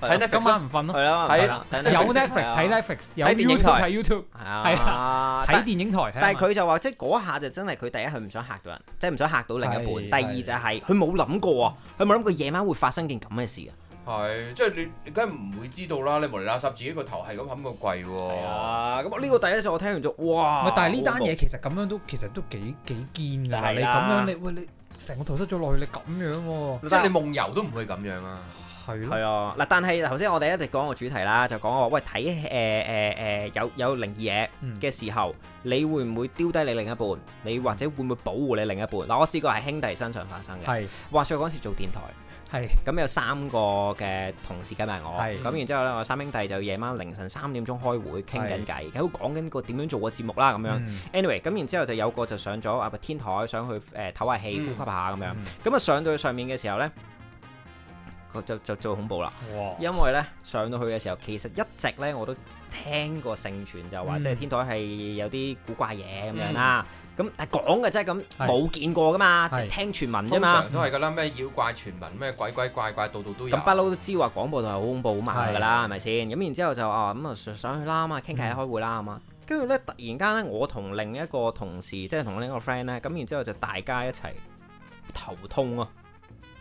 係啦，今晚唔瞓咯。係啦，有 Netflix 睇 Netflix，有 YouTube 睇 YouTube，係啊，睇電影台。但係佢就話，即係嗰下就真係佢第一，佢唔想嚇到人，即係唔想嚇到另一半。第二就係佢冇諗過啊，佢冇諗過夜晚會發生件咁嘅事啊。係，即係你，你梗係唔會知道啦。你無理垃圾自己個頭，係咁冚個櫃喎。啊，咁呢、啊、個第一集我聽完咗，哇！但係呢單嘢其實咁樣都其實都幾幾堅㗎。你咁樣你喂你成個頭塞咗落去，你咁樣喎、啊。即係你夢遊都唔會咁樣啊。係咯。啊。嗱、啊啊，但係頭先我哋一直講個主題啦，就講話喂睇誒誒誒有有靈異嘢嘅時候，嗯、你會唔會丟低你另一半？你或者會唔會保護你另一半？嗱，我試過喺兄弟身上發生嘅。係是。話說嗰時做電台。係咁是有三個嘅同事加埋我，咁是然之後咧，我三兄弟就夜晚凌晨三點鐘開會傾緊偈，佢講緊個點樣做個節目啦咁、嗯、樣。anyway，咁然之後就有個就上咗啊個天台上去誒唞、呃、下氣呼吸下咁樣，咁啊上到去上面嘅時候咧，就就最恐怖啦，因為咧上到去嘅時候其實一直咧我都聽過盛傳就話、嗯、即係天台係有啲古怪嘢咁樣啦。嗯咁但講嘅即係咁冇見過噶嘛，就的聽傳聞啫嘛。通常都係噶啦，咩妖怪傳聞，咩鬼鬼怪怪，到度都有。咁不嬲都知話廣播台好恐怖好麻噶啦，係咪先？咁然之後就啊咁啊上去啦嘛，傾偈開會啦嘛。跟住咧突然間咧，我同另一個同事，即係同另一個 friend 咧，咁然之後就大家一齊頭痛啊！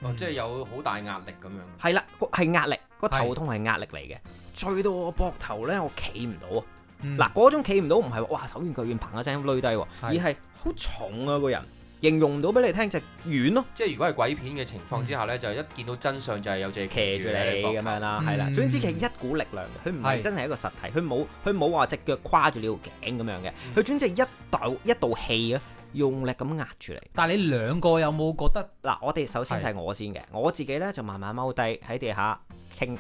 嗯、哦，即、就、係、是、有好大壓力咁樣。係啦、嗯，係壓力，個頭痛係壓力嚟嘅，醉到的我膊頭咧，我企唔到啊！嗱，嗰、嗯、種企唔到唔係，哇手軟腳軟，砰一聲冧低、哦，是 而係好重啊個人，形容唔到俾你聽就係軟咯、啊。即係如果係鬼片嘅情況之下咧，嗯嗯就一見到真相就係有隻騎住你咁樣啦，係、嗯、啦。總之係一股力量嘅，佢唔係真係一個實體，佢冇佢冇話隻腳跨住你條頸咁樣嘅，佢總之係一道一道氣啊，用力咁壓住你。但係你兩個有冇覺得？嗱，我哋首先就係我先嘅，我自己咧就慢慢踎低喺地下傾，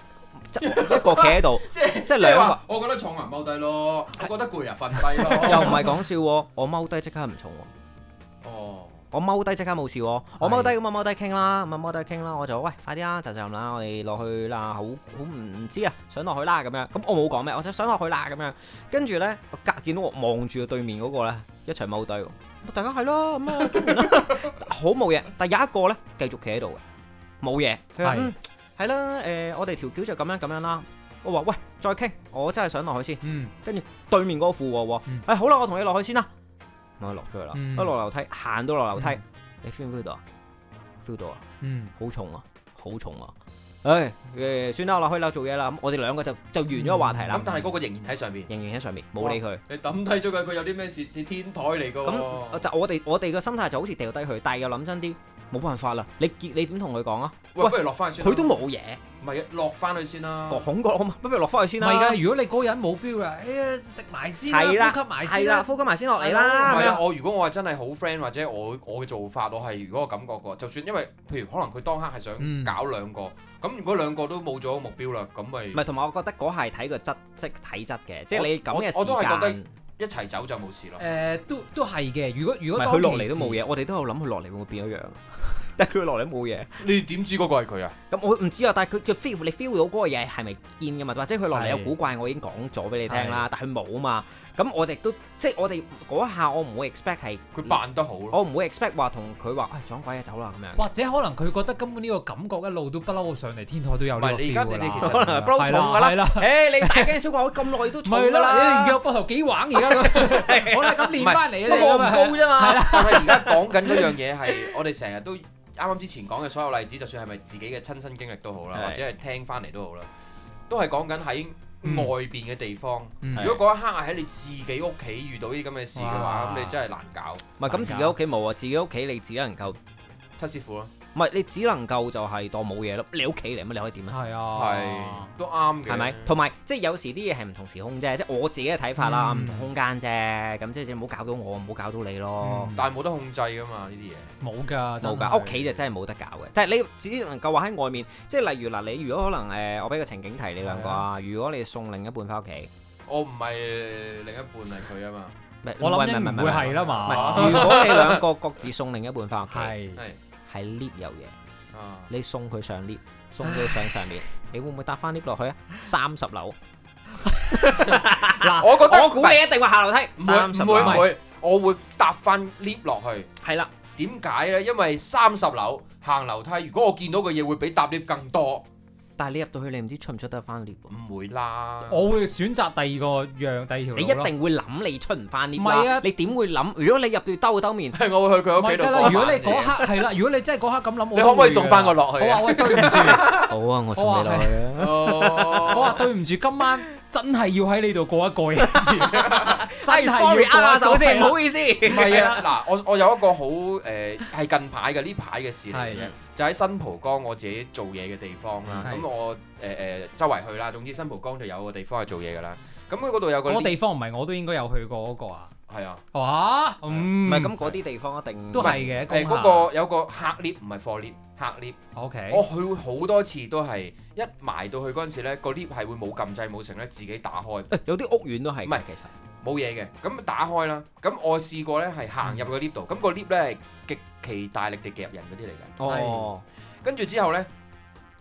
一個企喺度，即即兩個即，我覺得重人踎低咯，是我覺得攰啊，瞓低咯。又唔係講笑喎，我踎低即刻唔重喎，哦、oh，我踎低即刻冇事喎，我踎低咁踎踎低傾啦，咁啊踎低傾啦，我就喂快啲啦，就就咁啦，我哋落去啦，好好唔知啊，想落去啦咁樣，咁我冇講咩，我就想落去啦咁樣，跟住咧，我隔見到我望住對面嗰、那個咧一齊踎低，大家係咯咁啊， 好冇嘢，但有一個咧繼續企喺度嘅，冇嘢。的係啦，誒、呃，我哋條橋就咁樣咁樣啦。我話喂，再傾，我真係想落去先。嗯，跟住對面嗰個副臥喎，誒、嗯，哎，好啦，我同你落去先啦。咁我落出去啦，一落樓梯，行到落樓梯，你 feel 唔 feel 到啊？feel 到啊？嗯，好、嗯、重啊，好重啊。誒，誒，算啦，我落去啦，做嘢啦，咁我哋兩個就就完咗個話題啦。咁但係嗰個仍然喺上邊，仍然喺上邊，冇理佢。你抌低咗佢，佢有啲咩事？啲天台嚟噶。咁就我哋我哋個心態就好似掉低佢，但係又諗真啲，冇辦法啦。你結你點同佢講啊？喂，不如落翻去先。佢都冇嘢。唔係啊，落翻去先啦。個恐個恐，不如落翻去先啦。唔係噶，如果你個人冇 feel 嘅，哎呀，食埋先，呼吸埋先，係啦，呼吸埋先落嚟啦。係啊，我如果我係真係好 friend 或者我我嘅做法，我係如果我感覺過，就算因為譬如可能佢當刻係想搞兩個。咁如果兩個都冇咗目標啦，咁咪唔係同埋我覺得嗰係睇個質即體質嘅，即係我你咁嘅時我我覺得一齊走就冇事啦。誒、呃，都都係嘅。如果如果佢落嚟都冇嘢， 我哋都有諗佢落嚟會唔會變一樣？但係佢落嚟冇嘢。你點知嗰個係佢啊？咁我唔知啊，但係佢佢 feel 你 feel 到嗰個嘢係咪堅㗎嘛？或者佢落嚟有古怪，的我已經講咗俾你聽啦。的但係佢冇啊嘛。咁我哋都即係我哋嗰一下，我唔會 expect 係佢扮得好囉，我唔會 expect 話同佢話誒，撞鬼啊，走啦咁樣。或者可能佢覺得根本呢個感覺一路都不嬲，上嚟天台都有呢個先㗎啦。係啦，係啦。誒，你大驚小怪，咁耐都錯㗎啦。你練個膊頭幾橫而家？好啦，咁練翻嚟都過唔到啫嘛。但係而家講緊嗰樣嘢係，我哋成日都啱啱之前講嘅所有例子，就算係咪自己嘅親身經歷都好啦，或者係聽翻嚟都好啦，都係講緊喺。嗯、外邊嘅地方，嗯、如果嗰一刻係喺你自己屋企遇到啲咁嘅事嘅話，咁哇 你真係難搞。唔係咁，自己屋企冇啊，自己屋企你自己能夠七師傅。唔係，你只能夠就係當冇嘢咯，你屋企嚟咩？你可以點啊？係啊，係都啱嘅。係咪？同埋即係有時啲嘢係唔同時空啫，即係我自己嘅睇法啦，唔同空間啫。咁即係唔好搞到我，唔好搞到你咯。但係冇得控制噶嘛呢啲嘢。冇㗎，冇㗎，屋企就真係冇得搞嘅。但係你只能夠話喺外面，即係例如嗱，你如果可能誒，我俾個情景題你兩個啊，如果你送另一半翻屋企，我唔係另一半係佢啊嘛。我諗應該會係啦嘛。如果你兩個各自送另一半翻屋企，係。喺 lift 又贏，有啊、你送佢上 lift，送到上上面， 你會唔會搭翻 lift 落去啊？三十樓， 我覺得我估你一定話下樓梯，唔會唔會唔會，會會是我會搭翻 lift 落去。係啦了，點解咧？因為三十樓行樓梯，如果我見到嘅嘢會比搭 lift 更多。但係你入到去，你唔知出唔出得翻嚟？唔會啦，我會選擇第二個讓第二條路。你一定會諗你出唔翻呢？唔係啊！你點會諗？如果你入到兜個兜面，係我會去佢屋企度。如果你嗰刻係啦，如果你真係嗰刻咁諗，你可唔可以送翻個落去？我話我對唔住。好啊，我送你落去。我話對唔住，今晚真係要喺呢度過一個夜先。真係 sorry，首先，唔好意思。係啊，嗱，我我有一個好誒，係近排嘅呢排嘅事嚟嘅。就喺新蒲崗我自己做嘢嘅地方啦，咁是我誒誒、呃呃、周圍去啦，總之新蒲崗就有個地方係做嘢㗎啦。咁佢嗰度有個，嗰個地方唔係我都應該有去過嗰個啊。係啊，哇、嗯，唔係咁嗰啲地方一定是都係嘅，係嗰、呃嗰個有個客 𨋢 唔係貨 𨋢，客 𨋢。O Okay . K，我去好多次都係一埋到去嗰陣時咧，個 𨋢 係會冇撳掣冇成咧，自己打開。欸、有啲屋苑都係，唔係是其實。冇嘢嘅，咁打開啦，咁我試過咧係行入去個 lift 度，咁個 lift 咧係極其大力地夾人嗰啲嚟嘅。哦，跟住之後咧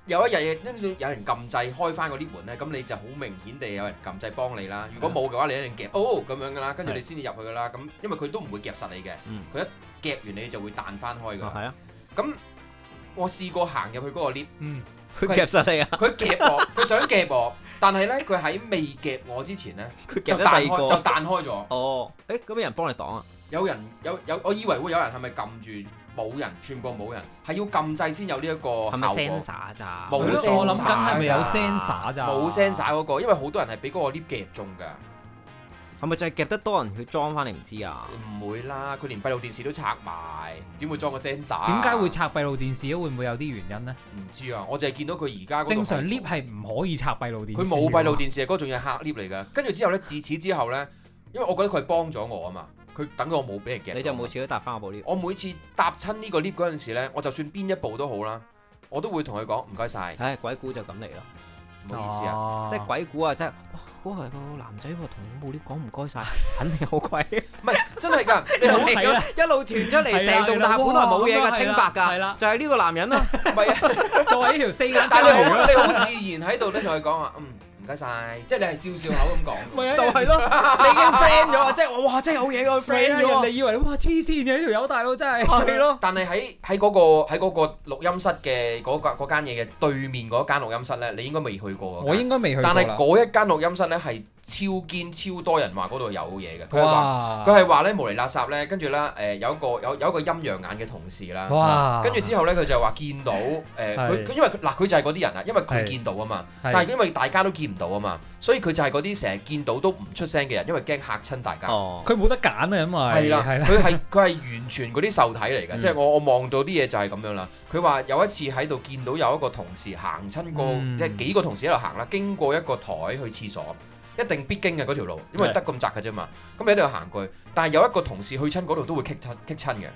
有一日有人撳掣開翻個 lift 門咧，咁你就好明顯地有人撳掣幫你啦。如果冇嘅話，你一定夾哦咁樣噶啦，跟住你先至入去噶啦。咁是因為佢都唔會夾實你嘅，佢、嗯、一夾完你就會彈翻開噶。係啊、嗯，咁我試過行入去嗰個 lift，佢、嗯、夾實你啊！佢夾我，佢想夾我。 但係咧，佢喺未夾我之前咧，佢夾咗第二個，就彈開咗。哦，誒、欸，咁咩人幫你擋啊？有人，有有，我以為會有人係咪撳住？冇人，全部冇人，係要撳掣先有呢一個係咪 sensor 咋？冇 sensor，我諗緊係咪有 sensor 咋？冇 sensor 嗰、那個，因為好多人係俾嗰個 lift 夾中㗎。係咪就係夾得多人去裝翻嚟唔知啊？唔會啦，佢連閉路電視都拆埋，點會裝個 sensor？點解會拆閉路電視咧？會唔會有啲原因呢？唔知啊，我淨係見到佢而家正常 lift 係唔可以拆閉路電視。佢冇閉路電視啊，嗰個仲要黑 lift 嚟㗎。跟住之後咧，自此之後咧，因為我覺得佢係幫咗我啊嘛，佢等我冇俾人夾，你就每次都搭翻我部 lift。我每次搭親呢個 lift 嗰陣時咧，我就算邊一部都好啦，我都會同佢講唔該晒，唉、哎，鬼故就咁嚟啦。唔好意思啊，即係鬼故啊，真係哇！嗰、那個男仔同我冇聊講唔該晒，肯定好鬼！唔係 真係噶，你好睇啦，一路傳出嚟，成棟大廈本來冇嘢噶，清白噶，就係呢個男人咯、啊，咪就係呢條四眼仔。 你你好自然喺度咧，同佢講話，嗯。唔該曬，即係你係笑笑口咁講，就係咯，你已經 friend 咗，即係哇，真係好嘢個 friend 咗，你 以為你哇黐線嘅呢條友，大佬真係，係咯 了。但係喺喺嗰個喺嗰個錄音室嘅嗰、嗰個間嘢嘅對面嗰間錄音室咧，你應該未去過。我應該未去過。但係嗰一間錄音室咧係。超堅超多人話嗰度有嘢嘅，佢係話佢係話咧無釐垃圾咧，跟住啦誒有一個有有一個陰陽眼嘅同事啦，哇 跟住之後咧佢就話見到誒佢、呃、是的 因為嗱佢就係嗰啲人啦，因為佢見到啊嘛，是的 但係因為大家都見唔到啊嘛，所以佢就係嗰啲成日見到都唔出聲嘅人，因為驚嚇親大家。佢冇、哦、得揀啊，因為係啦係佢係完全嗰啲受體嚟嘅，即係、嗯、我我望到啲嘢就係咁樣啦。佢話有一次喺度見到有一個同事行親過即係幾個同事喺度行啦，經過一個台去廁所。一定必經嘅嗰條路，因為得咁窄嘅啫嘛。咁你喺度行過去，但係有一個同事去親嗰度都會棘親棘親嘅。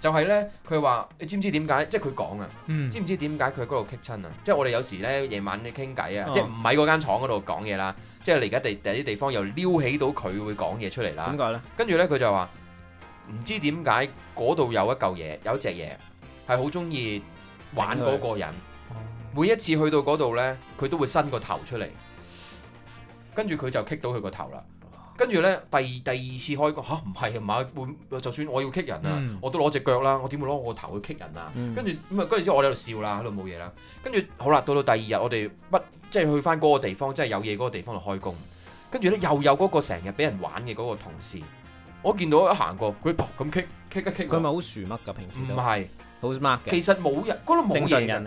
就係、是、咧，佢話：你知唔知點解？即係佢講啊，嗯、知唔知點解佢喺嗰度棘親啊？即係我哋有時咧夜晚你傾偈啊，即係唔喺嗰間廠嗰度講嘢啦。即係你而家第地啲地，地，地，地方又撩起到佢會講嘢出嚟啦。點解咧？跟住咧佢就話唔知點解嗰度有一嚿嘢，有一隻嘢係好中意玩嗰個人。他每一次去到嗰度咧，佢都會伸個頭出嚟。跟住佢就棘到佢個頭啦。跟住咧，第二第二次開工嚇，唔係唔係，就算我要棘人啊，嗯、我都攞隻腳啦，我點會攞我個頭去棘人啊？嗯、跟住咁啊，跟住之後我喺度笑啦，喺度冇嘢啦。跟住好啦，到到第二日，我哋乜即係去翻嗰個地方，即係有嘢嗰個地方度開工。跟住咧又有嗰個成日俾人玩嘅嗰個同事，我見到一行過，佢咁棘棘佢咪好黐乜噶？平時唔係好其實冇人，嗰度冇嘢嘅，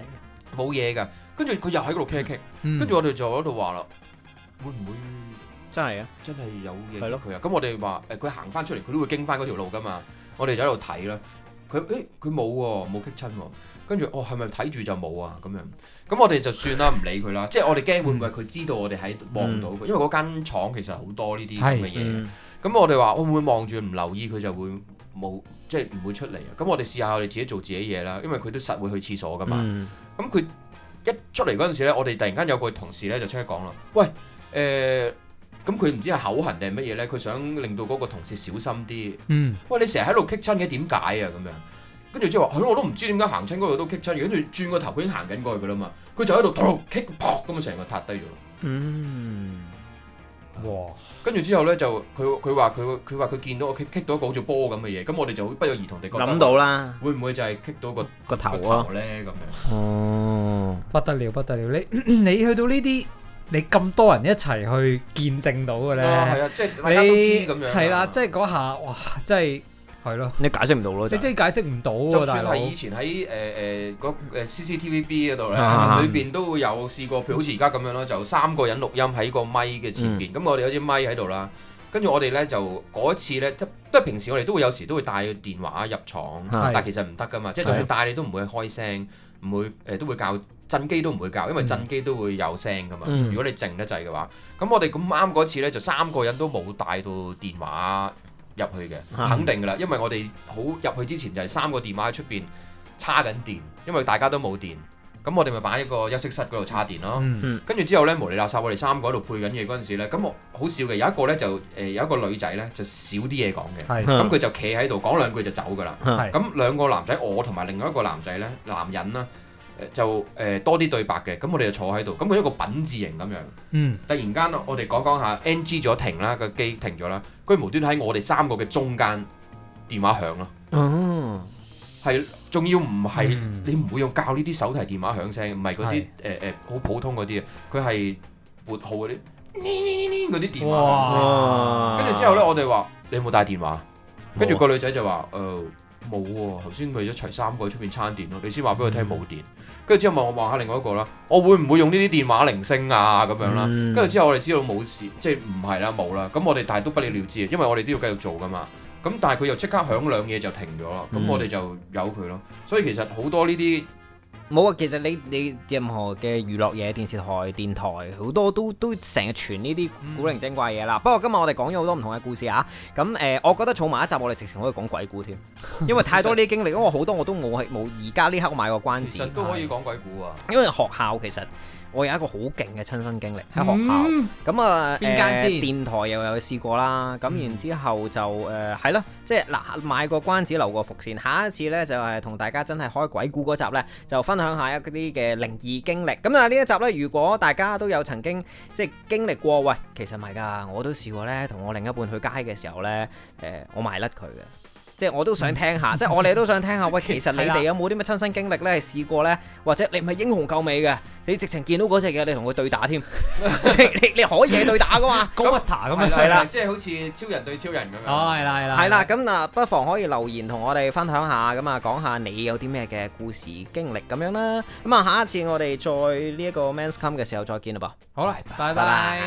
冇嘢嘅。跟住佢又喺嗰度棘棘，跟住我哋就喺度話啦。會唔會真係啊？真係有嘢。係咯佢啊！咁我哋話誒，佢行翻出嚟，佢都會經翻嗰條路噶嘛。我哋就喺度睇啦。佢誒佢冇喎，冇激親。跟住、啊啊、哦，係咪睇住就冇啊？咁樣咁我哋就算啦，唔 理佢啦。即係我哋驚會唔會佢知道我哋喺望到佢，嗯、因為嗰間廠其實好多呢啲咁嘅嘢。咁的、嗯、我哋話會唔會望住唔留意佢就會冇，即係唔會出嚟啊？咁我哋試下我哋自己做自己嘢啦。因為佢都實會去廁所噶嘛。咁佢、嗯、一出嚟嗰陣時咧，我哋突然間有個同事咧就出嚟講啦：，喂！誒咁佢唔知係口痕定係乜嘢咧？佢想令到嗰個同事小心啲。嗯，喂，你成日喺度踢親嘅點解啊？咁樣跟住之後話：，我都唔知點解行親嗰度都踢親，跟住轉個頭佢已經行緊過去噶啦嘛。佢就喺度度踢撲咁啊，成個撻低咗。嗯，哇！跟住之後咧就佢佢話佢佢話佢見到我踢到一個好似波咁嘅嘢。咁我哋就不約而同地諗到啦。會唔會就係踢到個個頭啊？咧咁樣哦，不得了不得了，不得了！你你去到呢啲。你咁多人一齊去見證到嘅咧，係啊，啊，即係大家都知咁樣、啊。係啦，即係嗰下，哇！即係係咯，你解釋唔到咯，即真係解釋唔到。就算係以前喺誒誒個 CCTV B 嗰度咧，裏邊、啊、都會有試過，譬如好似而家咁樣咯，就三個人錄音喺個咪嘅前邊。咁、嗯、我哋有啲咪喺度啦，跟住我哋咧就嗰次咧，即都係平時我哋都會有時都會帶電話入廠，是的 但其實唔得噶嘛，即係就算帶你都唔會開聲，唔會誒都會教。震機都唔會教，因為震機都會有聲噶嘛。嗯、如果你靜得滯嘅話，咁我哋咁啱嗰次呢，就三個人都冇帶到電話入去嘅，嗯、肯定噶啦，因為我哋好入去之前就係三個電話喺出邊插緊電，因為大家都冇電。咁我哋咪擺一個休息室嗰度插電咯。跟住、嗯、之後呢，無理垃圾，我哋三個喺度配緊嘢嗰陣時呢，咁好少嘅，有一個呢，就誒有一個女仔呢，就少啲嘢講嘅，咁佢、嗯、就企喺度講兩句就走噶啦。咁、嗯嗯、兩個男仔，我同埋另外一個男仔呢，男人啦。就誒、呃、多啲對白嘅，咁我哋就坐喺度，咁佢一個品字型咁樣。嗯。突然間我講一講一，無無我哋講講下 NG 咗停啦，個機停咗啦，居然無端喺我哋三個嘅中間電話響啦。啊、嗯。仲要唔係你唔會用教呢啲手提電話響聲，唔係嗰啲誒誒好普通嗰啲啊，佢係撥號嗰啲啲電話。跟住哇！之後咧，我哋話你有冇帶電話？跟住個女仔就話誒。呃呃冇喎，頭先咪一齊三個喺出面餐電咯，你先話俾佢聽冇電，跟住之後咪我問下另外一個啦，我會唔會用呢啲電話鈴聲啊咁樣啦，跟住之後我哋知道冇事，即係唔係啦冇啦，咁我哋但係都不了了之了，因為我哋都要繼續做噶嘛，咁但係佢又即刻響兩嘢就停咗咯，咁、嗯、我哋就由佢咯，所以其實好多呢啲。冇啊，其實你你任何嘅娛樂嘢，電視台、電台好多都都成日傳呢啲古靈精怪嘢啦。嗯、不過今日我哋講咗好多唔同嘅故事啊。咁誒、呃，我覺得儲埋一集，我哋直情可以講鬼故添，因為太多呢啲經歷。其實 因為好多我都冇冇，而家呢刻我賣過關子，其實都可以講鬼故啊。因為學校其實。我有一個好勁嘅親身經歷喺學校，咁啊邊間電台又有試過啦，咁然之後就誒係咯，即係嗱賣過關子、留過伏線。下一次呢，就係、是、同大家真係開鬼故嗰集呢，就分享一下一啲嘅靈異經歷。咁啊呢一集呢，如果大家都有曾經即係經歷過，喂，其實唔係㗎，我都試過呢，同我另一半去街嘅時候呢，誒、呃、我賣甩佢嘅。即係我都想聽下，即係我哋都想聽下喂，其實你哋有冇啲咩親身經歷咧？試過咧，或者你唔係英雄救美嘅，你直情見到嗰隻嘅，你同佢對打添，你你可以嘅對打噶嘛？Gorister 咁啊係啦，即係好似超人對超人咁樣。哦，係啦，係啦，係啦。咁啊，不妨可以留言同我哋分享下，咁啊講下你有啲咩嘅故事經歷咁樣啦。咁啊，下一次我哋在呢一個 Men's Come 嘅時候再見啦噃。好啦，拜拜。